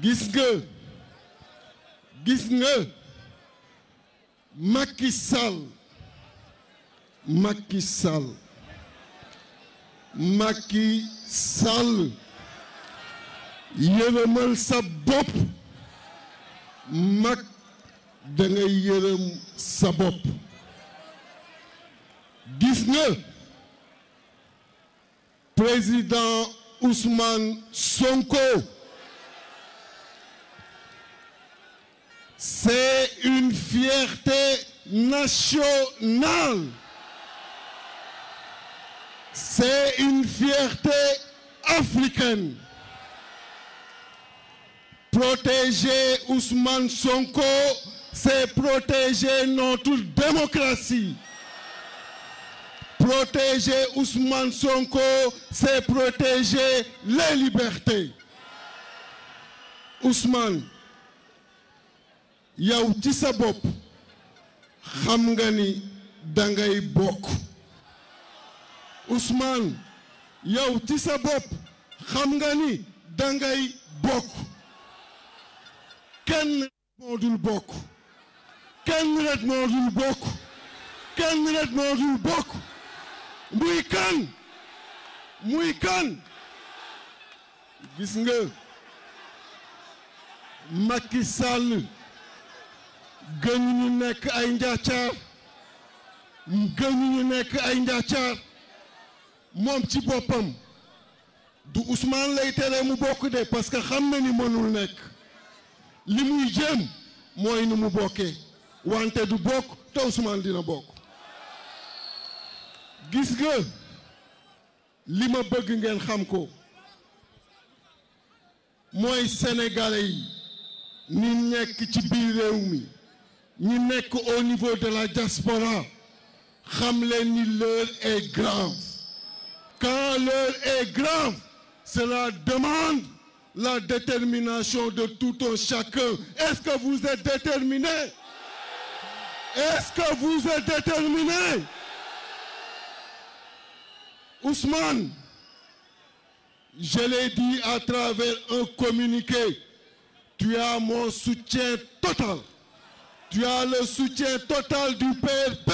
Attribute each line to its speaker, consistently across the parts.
Speaker 1: gis nga gis nga Macky Sall Macky Sall Macky Sall yërëmal sa bopp mag da ngay yërëm sa bopp gis nga président usmaan Sonko C'est une fierté nationale. C'est une fierté africaine. Protéger Ousmane Sonko, c'est protéger notre démocratie. Protéger Ousmane Sonko, c'est protéger les libertés. yow ci sa bopp xam nga ni dangay bokk Ousmane yow ci sa bopp xam nga ni dangay bokk kenn moo bokk rek moo dul bokk kenn rek moo dul bokk muy kan muy kan gis nga mag Macky Sall gëñ ñu nekk ay njaacaar gëñ ñu nekk ay njaacaar moom ci boppam du Ousmane lay tere mu bokk de parce que xam na ni mënul nekk li muy jéem mooy nu mu bokkee wante du bokk te Ousmane dina bokk gis nga li ma bëgg ngeen xam ko mooy sénégalais yi ni nekk ci biir réew mi ñi nekk au niveau de la diaspora xam leen ni l'heure est grave quand l'heure est grave cela demande la détermination de tout un chacun est-ce que vous êtes déterminés est-ce que vous êtes déterminés Ousmane je l'ai dit à travers un communiqué tu as mon soutien total tu as le total du PRP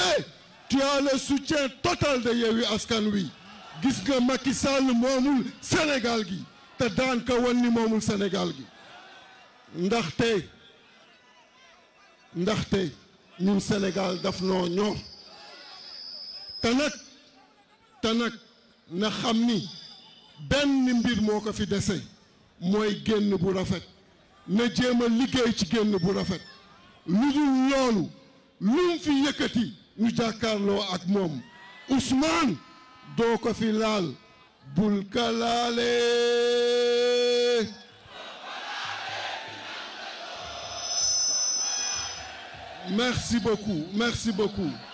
Speaker 1: tu as total de Yewwi Askan Wi gis nga Macky Sall moomul Sénégal gi te daan ko wan ni moomul Sénégal gi ndaxte ndaxte ñun Sénégal daf noo ñor te nag te nag na xam ni benn mbir moo ko fi dese mooy génn bu rafet na jéem liggéey ci génn bu rafet lu dul loolu lu mu fi yëkkati ñu jàkkaarloo ak moom Ousmane doo ko fi laal bul ka laale merci beaucoup merci beaucoup